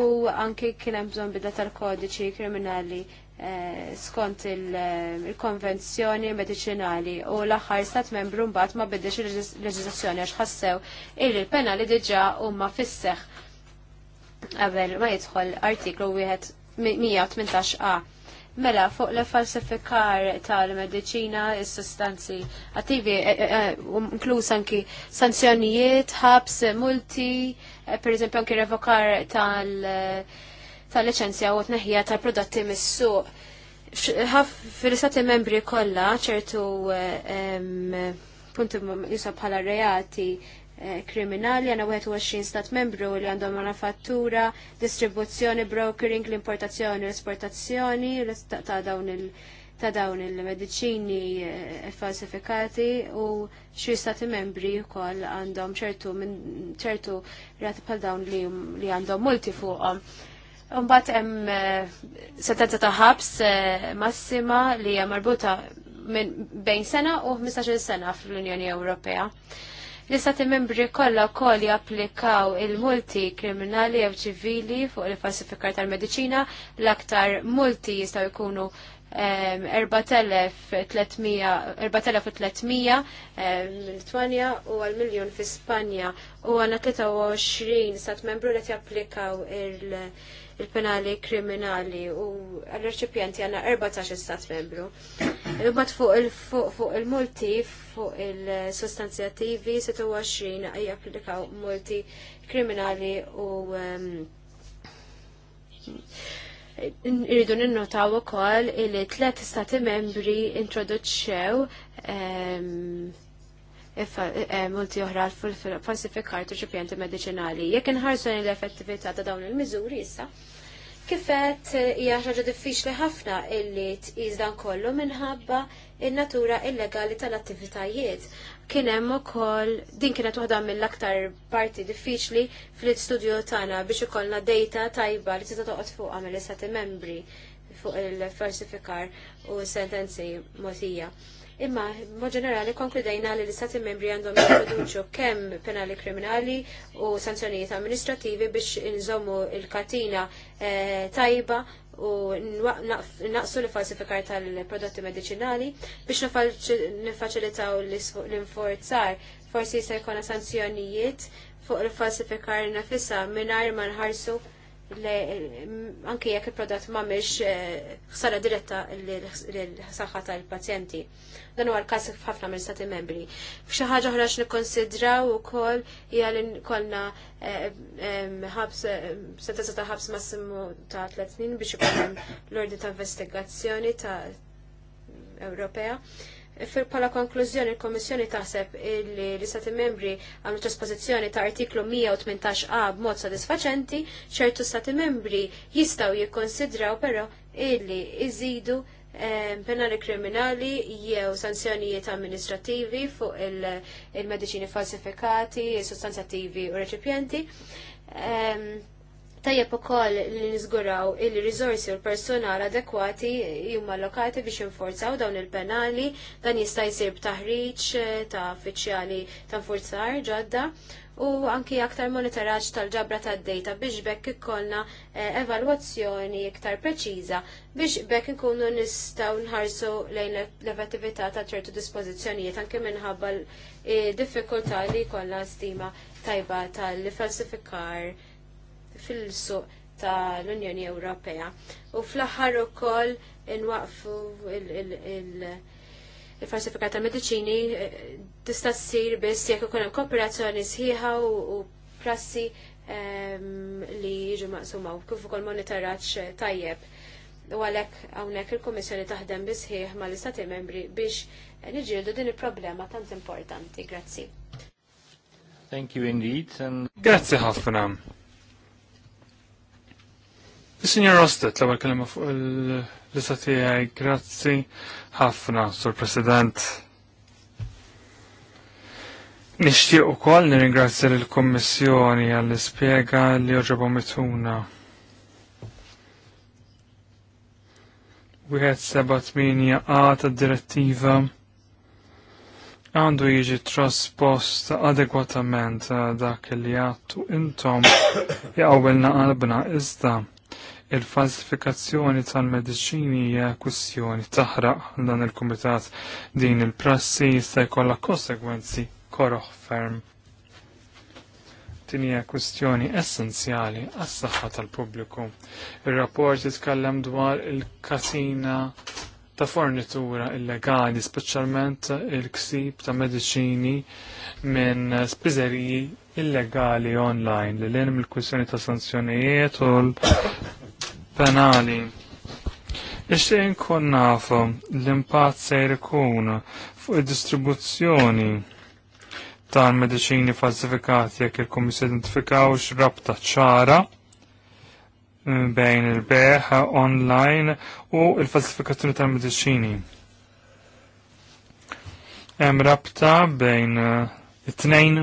u anki kien hemm bżonn bidda tal-kodiċi kriminali eh, skont eh, il-konvenzjoni medicinali u l-aħħar stat membru mbagħad ma bidex il leġizlazzjoni għax ħassew il penali diġa' huma fisseħ qabel ma jidħol artiklu wieħed 118a. Mela, fuq l falsifikar tal-medicina, il-sustanzi attivi, eh, eh, eh, um, inklus anki sanzjonijiet, ħabs, multi, per esempio anki revokar tal-licenzja u t-neħja tal-prodotti missu. Fil-istati membri kollha ċertu punti jisab bħala reati Eh, kriminali għana 21 stat membru li għandhom manufattura, distribuzzjoni, brokering, l-importazzjoni, l-esportazzjoni ta' dawn il- ta' dawn il-medicini eh, falsifikati u xi stati membri wkoll għandhom ċertu minn ċertu rati bħal dawn li għandhom multi fuqhom. Umbat hemm eh, sentenza ta' ħabs massima li hija marbuta minn bejn sena u 15-il sena fl-Unjoni Ewropea. L-istati membri kollha wkoll japplikaw il-multi kriminali jew ċivili fuq il-falsifikar tal-mediċina l-aktar multi jistgħu jkunu 4300 l-Twania u għal miljon fi Spanja u għana 23 stat membru li japplikaw il-penali kriminali u għal-reċipjanti għanna 14 stat membru. Imbat fuq il-multi, fuq il-sostanzi attivi, 26 japplikaw multi kriminali u ehm, Irridu ninnotaw ukoll li tliet stati membri introduċċew ehm, ehm, multi oħra l falsifikar u ċipjenti medicinali. Jekk inħarsu l-effettività ta' dawn il-miżuri issa, Kifet eh, hija ħaġa diffiċli ħafna illi tqis dan kollu minħabba in-natura illegali tal-attivitajiet. Kien hemm ukoll din kienet waħda mill-aktar parti diffiċli fl-istudju tagħna biex ikollna data tajba li tista' toqgħod fuqha mill-istati membri fuq il-falsifikar u sentenzi motija. Imma, ma ġenerali, konkludejna li l-istati membri għandhom jintroduċu kemm penali kriminali u sanzjonijiet amministrativi biex inżommu il-katina eh, tajba u naqsu li falsifikar tal-prodotti medicinali biex nifacilitaw l-inforzar forsi jista' jkollna sanzjonijiet fuq il-falsifikar nafissa mingħajr ma nħarsu anke jekk il-prodott ma miex ħsara eh, diretta l-saħħa tal-pazjenti. Dan huwa l-każ f'ħafna mill stati membri. F'xi ħaġa oħra x'nikkonsidraw ukoll hija li kollna eh, ħabs sentenza ta' ħabs massimu ta' tliet snin biex ikun l-ordni ta' investigazzjoni ta' Ewropea. Fil-pala konklużjoni, il-Komissjoni taħseb li l-Istati membri għamlu trasposizjoni ta' artiklu 118a b'mod sodisfaċenti, ċertu Stati membri jistaw jikkonsidraw però illi iżidu ehm, penali kriminali jew sanzjonijiet amministrativi fuq il-medicini falsifikati, sostanzativi u reċipjenti. Ehm, Tajjeb ukoll li niżguraw il-riżorsi u l-personal adekwati huma allokati biex jinforzaw dawn il-penali dan jista' jsir b'taħriġ eh, ta' uffiċjali ta' forzar ġodda u anki aktar monitoraġġ tal-ġabra tad-dejta biex bekk ikollna eh, evalwazzjoni iktar preċiża biex bekk inkunu nistgħu nħarsu lejn l-effettività ta' ċertu dispożizzjonijiet anke minħabba eh, diffikultà li jkollna stima tajba tal-falsifikar fil-suq tal-Unjoni Ewropea. U fl-aħħar ukoll inwaqfu il-falsifikat ta' mediċini eh, tista' ssir biss jekk ikun hemm kooperazzjoni sħiħa u prassi ehm, li jiġu maqsuma u kif ukoll monitoraġġ tajjeb. U għalhekk hawnhekk il-Kummissjoni taħdem bi sħiħ mal-Istati Membri biex niġieldu din il-problema tant importanti. Grazzi. Thank you indeed. And... Grazie ħafna. Signor Rostet, la għal kelma fuq l istati tiegħi, grazzi ħafna, Sur President. Nixtieq ukoll nirringrazzja lill-Kummissjoni għall-ispjega li oġobhom mituna. Wieħed seba' tminja għad direttiva għandu jiġi traspost adegwatament dak li għattu intom jaqawilna qalbna iżda il-falsifikazzjoni tal-mediċini hija kwistjoni taħraq dan il-kumitat din il-prassi jista' jkollha konsegwenzi koroħ ferm. Din hija kwistjoni essenzjali għas-saħħa tal-pubbliku. Ir-rapport jitkellem dwar il-katina ta' fornitura illegali, speċjalment il-ksib ta' mediċini minn spiżeriji illegali online li l-enim il-kwissjoni ta' sanzjonijiet u penali. Ixtieq inkun nafu l impat se jkun fuq id-distribuzzjoni tal-mediċini falsifikati jekk il-Kummissja identifikaw x-rabta ċara eh, bejn il-beħ online u il-falsifikazzjoni tal-mediċini. Hemm rabta bejn eh, it-tnejn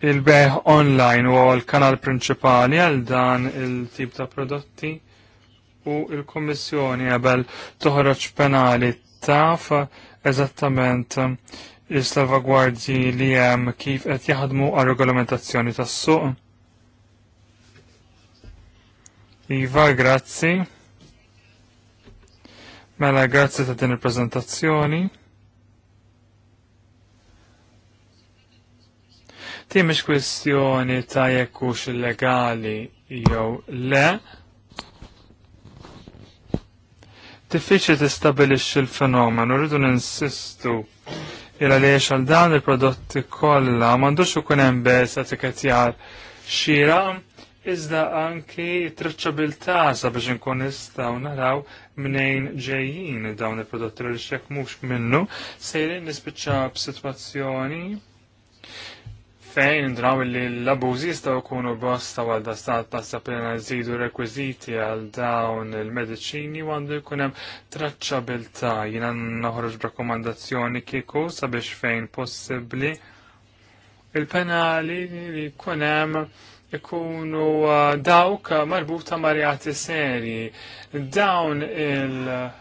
Il-beħ online u l-kanal prinċipali għal dan il-tip ta' prodotti u il-Kommissjoni qabel toħroġ penali taf eżattament il-salvagwardji li hemm kif qed jaħdmu għal regolamentazzjoni tas-suq. Iva, grazzi. Mela, grazzi ta' din il-prezentazzjoni. Ti mish kwestjoni ta' jekk hux illegali jew le. Diffiċli tistabilixxi l u rridu ninsistu il għaliex għal dan il-prodotti kollha m'għandux ikun hemm biss etikettjar xira iżda anki traċċabilità sabiex inkun nistgħu naraw mnejn ġejjin dawn il-prodotti li xek mhux minnu sejrin b-situazzjoni fejn draw li l-abużi jistgħu jkunu bosta għal da stat naħseb li nżidu rekwiżiti għal dawn il-mediċini għandu jkun hemm traċċabilità jiena noħroġ rekomandazzjoni kieku sabiex fejn possibbli il-penali li jkun hemm ikunu uh, dawk marbuta marjati seri serji. Dawn il-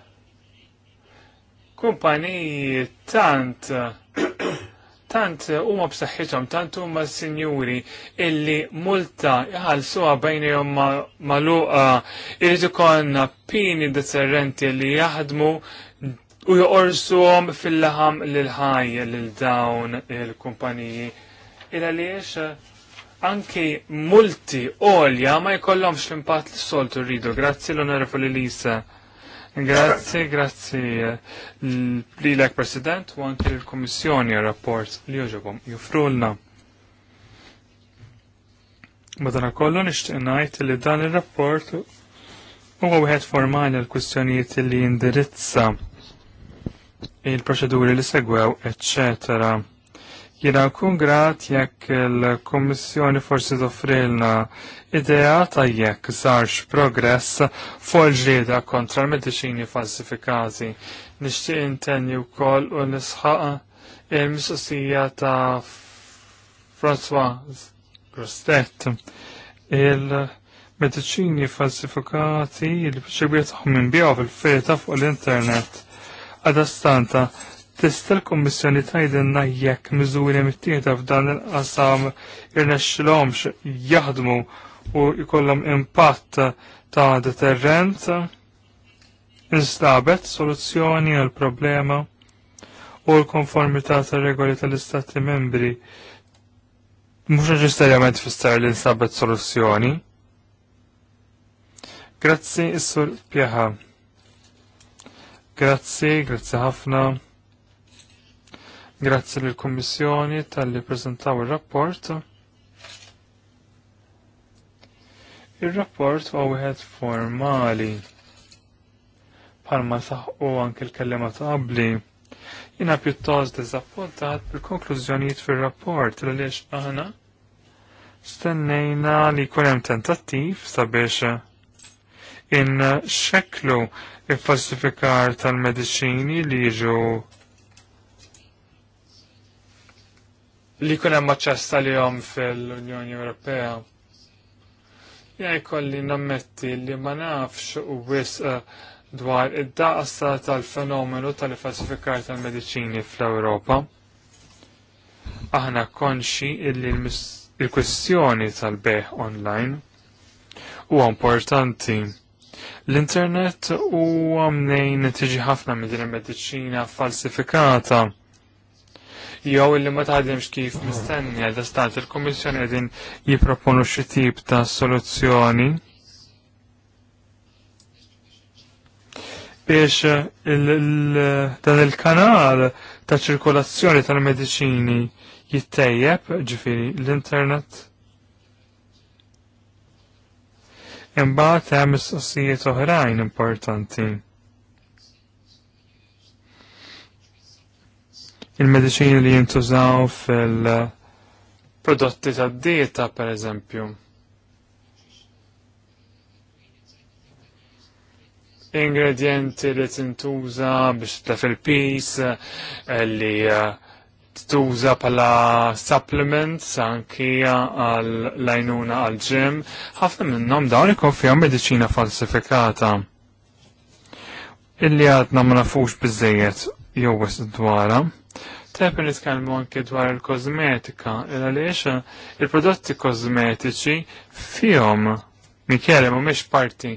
kumpaniji tant tant huma b'saħħithom, tant huma sinjuri illi multa jħallsuha jom maluqa irid ikollna pini deterrenti li jaħdmu u joqorsuhom fil-laħam lil ħaj lil dawn il-kumpaniji. Illa għaliex anki multi olja ma jkollhomx l-impatt li soltu rridu. Grazzi l-onorevoli Lisa. Grazzi, grazie l mm, l President u anki l-Komissjoni rapport li uġobom jufrulna. Madana kollu nishtiq ngħid li dan ir-rapport huwa wieħed formali għal kwistjonijiet li jindirizza il-proċeduri li segwew, eccetera. Jena kun grat jekk il-Kommissjoni forsi t-offrilna idea ta' jekk sarx progress fuq ġrieda kontra l-mediċini falsifikati. Nixtieq intenju wkoll u nisħaq il-mistoqsija ta' François Grostet. Il-mediċini falsifikati li biex tagħhom minbijaw fil-feta fuq l-internet. Għadastanta, Tista' l-Kummissjoni tgħidilna jekk miżuri mittieħda f'dan il-qasam irnexxilhomx jaħdmu u jkollhom impatt ta' deterrent instabet soluzzjoni għal problema u l-konformità tar regoli tal-Istati membri mhux neċessarjament fisser li instabet soluzzjoni. Grazzi, Issur Pjaha. Grazzi, grazzi ħafna. Grazzi lill-Kummissjoni tal-li prezentaw ir-rapport. Ir-rapport huwa wieħed formali bħalma saħqu anke l-kellema taħbli. Jina pjuttost dizappuntat bil-konklużjonijiet fil-rapport li liex aħna stennejna li kunem tentattiv sabiex in xeklu il-falsifikar tal-medicini li jiġu li kun hemm aċċess tal-jom fil-Unjoni Ewropea. Jaj kolli nammetti li ma nafx u wis eh, dwar id-daqsa tal-fenomenu tal-falsifikar tal-medicini fl-Ewropa. Aħna konxi illi il-kwestjoni tal-beħ online u importanti. L-internet u għamnejn tiġi ħafna minn din il-medicina falsifikata jew illi ma taħdimx kif mistenni għal stant il-Kummissjoni qegħdin jipproponu xi tip ta' soluzzjoni biex dan il-kanal ta' ċirkolazzjoni tal-mediċini jittejjeb ġifiri l-internet. Imbagħad hemm mistoqsijiet oħrajn importanti. il-medicini li jintużaw fil-prodotti ta' dieta per eżempju. Ingredienti li tintuża biex tlef il-pis, eh, li eh, tuża pala supplements anki għal lajnuna għal ġim, ħafna minnhom dawn ikun fihom falsifikata illi għadna ma nafux bizzejiet jew dwara. Tajb nitkellmu anke dwar il-kosmetika, għaliex il-prodotti kosmetiċi fihom Michele mhumiex parti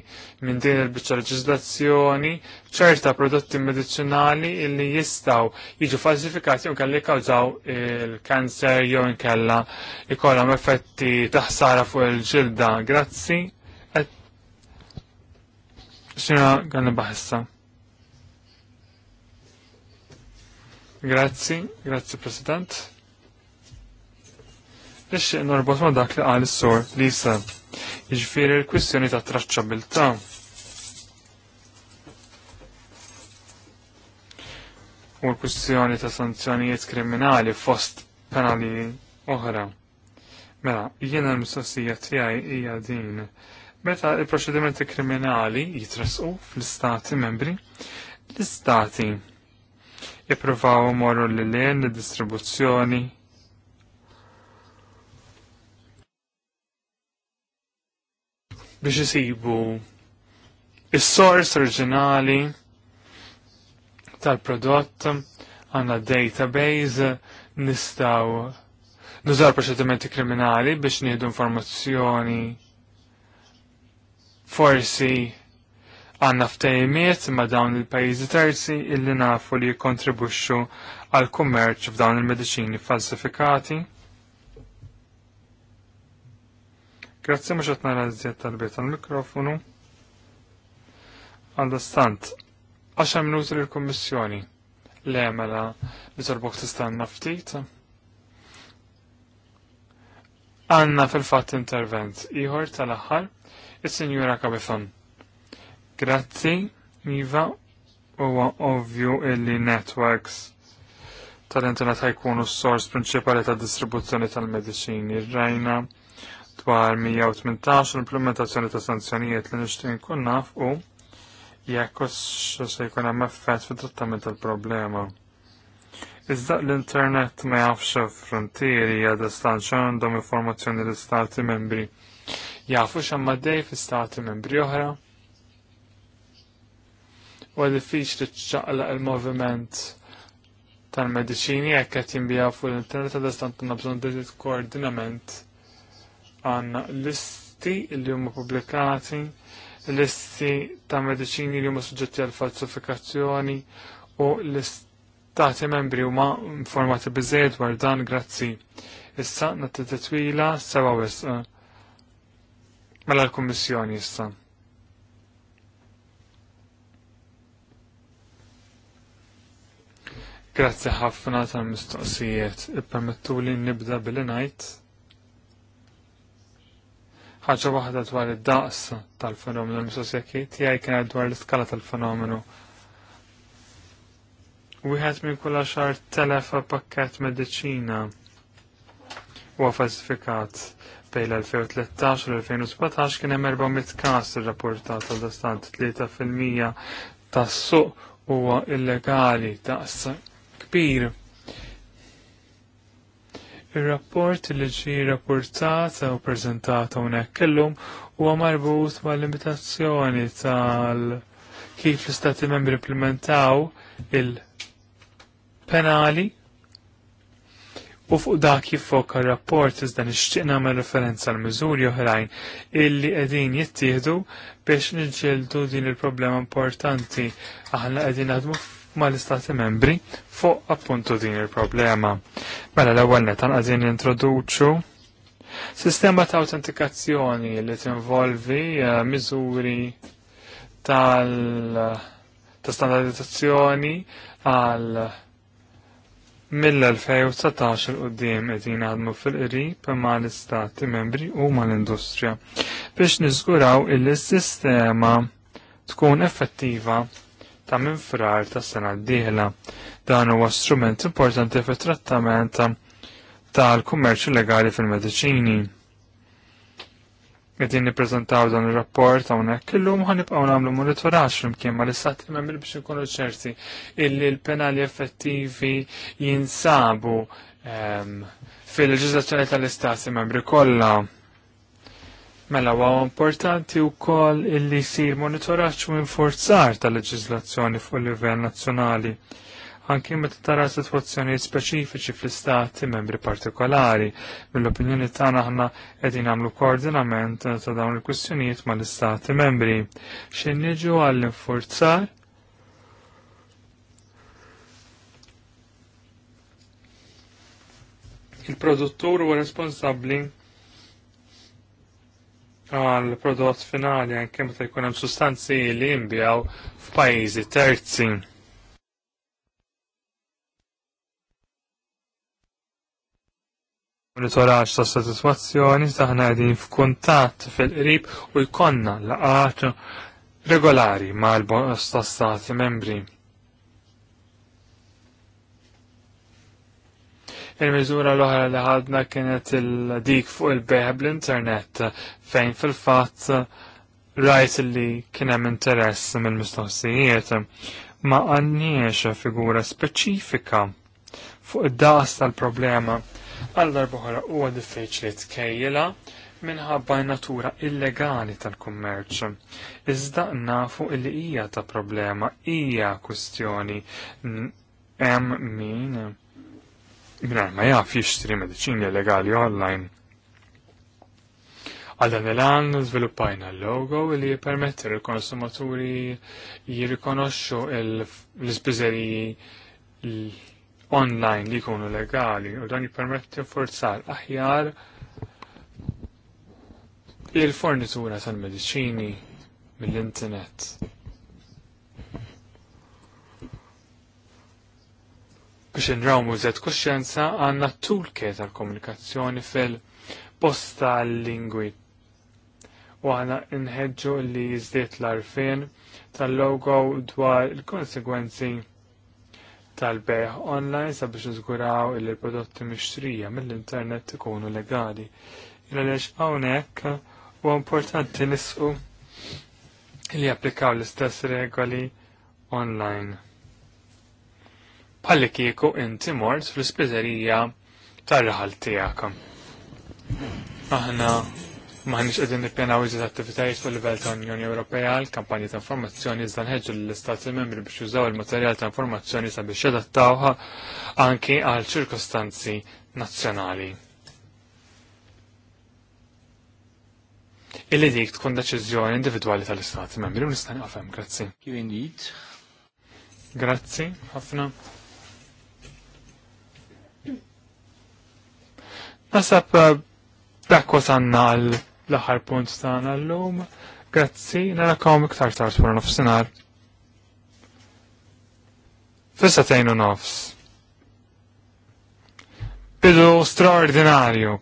minn din il-biċċa leġiżlazzjoni ċerta prodotti medicinali illi jistgħu jiġu falsifikati u kelli kawżaw il-kanser jew inkella ikollhom effetti taħsara fuq il-ġilda. Grazzi. Xina għanna baħissa. Grazzi, grazzi President. Biex norbot ma dak li għal s-sor Lisa. Iġifiri l-kwistjoni ta' traċċabilta. U l-kwistjoni ta' sanzjonijiet kriminali fost penali oħra. Mela, jiena l-mistoqsija tiegħi hija din. Meta il-proċedimenti kriminali jitrasqu fl-istati membri, l-istati Ipruvaw morru li l-lien, distribuzzjoni biex isibu il-source oriġinali tal-prodott għanna database nistaw nużar proċedimenti kriminali biex nieħdu informazzjoni forsi Għanna ftejmiet ma' dawn il-pajjiżi terzi illi nafu li kontribuxxu għal kummerċ f'dawn il-mediċini falsifikati. Grazzi mhux qed l żjed tal bieta tal-mikrofonu. stant, 10 minuti lill-Kummissjoni li għamela li torbok tistanna ftit. Għanna fil-fatt intervent iħor tal-aħħar is-Sinjura Kabifon. Grazzi, Iva, huwa ovvju illi networks tal-internet ħajkunu s-sors prinċipali ta' distribuzzjoni tal-medicini. Rajna dwar 118 l-implementazzjoni ta' sanzjonijiet li nixtieq nkun naf u jekk se jkun hemm effett fi trattament tal-problema. Iżda l-internet ma jafx frontieri għad istanċ għandhom informazzjoni l-istati membri. Jafu xamma dej fi stati membri oħra u diffiċli ċaqla il-moviment tal-medicini jekk qed jinbija fuq l-internet għal istant għandna bżonn bidit koordinament għandna listi li huma pubblikati, listi ta' medicini li huma suġġetti għal falsifikazzjoni u l-istati membri huma informati biżejjed dwar dan grazzi. Issa nagħti titwila sewa wisq. Mela l-Kummissjoni issa. Grazzi ħafna tal-mistoqsijiet. Ippermettu li nibda billi ngħid ħaġa waħda dwar id-daqs tal-fenomenu l-misosjaki tiegħi kienet dwar l-iskala tal-fenomenu. Wieħed minn kull xar telefa pakkett mediċina huwa falsifikat bejn l-2013 u l-2017 kien hemm 400 każ irrapportat għal dastant 3% tas-suq huwa illegali daqs kbir. Il-rapport li ġi rapportat u prezentat unek kellum huwa marbut ma' limitazzjoni tal kif l istati membri implementaw il-penali u fuq dak il rapport iżda nixtieq ma' referenza l miżuri oħrajn illi qegħdin jittieħdu biex nġildu din il-problema importanti aħna qegħdin għadmu mal-istati membri fuq appuntu din il-problema. Mela l-ewwel netan qegħdin introduċu sistema ta' autentikazzjoni li tinvolvi eh, miżuri tal ta' standardizzazzjoni għal mill-2019 il-qoddim qegħdin għadmu fil-qrib ma' l-istati membri u ma' l-industrija biex niżguraw il-sistema tkun effettiva ta' minfrar ta' sena d-dieħla. Dan huwa strument importanti fit-trattament tal-kummerċu legali fil-mediċini. Għedin niprezentaw dan il-rapport għonek illum ħanibqaw namlu monitoraċ flimkien ma l-istati memil biex ikunu ċerti illi l-penali effettivi jinsabu ehm, fil leġizazzjoni tal-istati membri kollha Mela huwa importanti wkoll illi jsir monitoraġġ u infurzar tal-leġiżlazzjoni fuq livell nazzjonali anki meta tara sitwazzjonijiet speċifiċi fl-istati membri partikolari. Mill-opinjoni tagħna aħna qegħdin nagħmlu koordinament ta' dawn il-kwistjonijiet mal-istati membri. Xejn niġu għall-infurzar il-produttur huwa responsabbli għal prodott finali anke meta jkun hemm sustanzi li jimbjaw f'pajjiżi terzi. Monitoraġ ta' satisfazzjoni taħna qegħdin f'kuntatt fil-qrib u jkollna laqat regolari mal-bosta stati membri. Il-miżura l-oħra li ħadna kienet il-dik fuq il-beħ bl-internet fejn fil-fatt rajt li kien hemm interess mill-mistoqsijiet ma għandniex figura speċifika fuq id-daqs tal-problema għall-darbohra huwa diffiċli tkejjela minħabba natura illegali tal-kummerċ. Iżda nafu illi hija ta' problema hija kwistjoni hemm min minar ma jaf jixtri medicini legali online. Għadan il-għan zviluppajna l-logo li jipermetti l-konsumaturi jirrikonoxxu l spizzeri online li jkunu legali u dan jipermetti forzar aħjar il-fornitura tal-medicini mill-internet. biex nrawmu mużet kuxjenza għanna toolkit tal-komunikazzjoni fil-posta lingwi u għana nħedġu li jizdiet l-arfin tal-logo dwar il-konsegwenzi tal-beħ online sabiex nżguraw il prodotti mixtrija mill-internet ikunu legali. Il-għalix għawnek u importanti nisqu li applikaw l-istess regoli online bħalli kieku inti mort fl spizzerija tar-raħal tiegħek. Aħna maħniġ qegħdin nippjanaw iżid attivitajiet fuq livell ta' Unjoni Ewropea għal kampanji ta' informazzjoni iżda nħeġġu l-Istati Membri biex jużaw il-materjal ta' informazzjoni sabiex jadattawha anki għal ċirkostanzi nazzjonali. Illi dik tkun deċiżjoni individwali tal-Istati Membri u nista' naqfem, grazzi. Grazzi, ħafna. Nasab eh, dakko sanna l ħar punt tagħna llum. Grazzi, narakom iktar tard fuq nofsinhar. Fissa tgħinu nofs. Bidu straordinarju.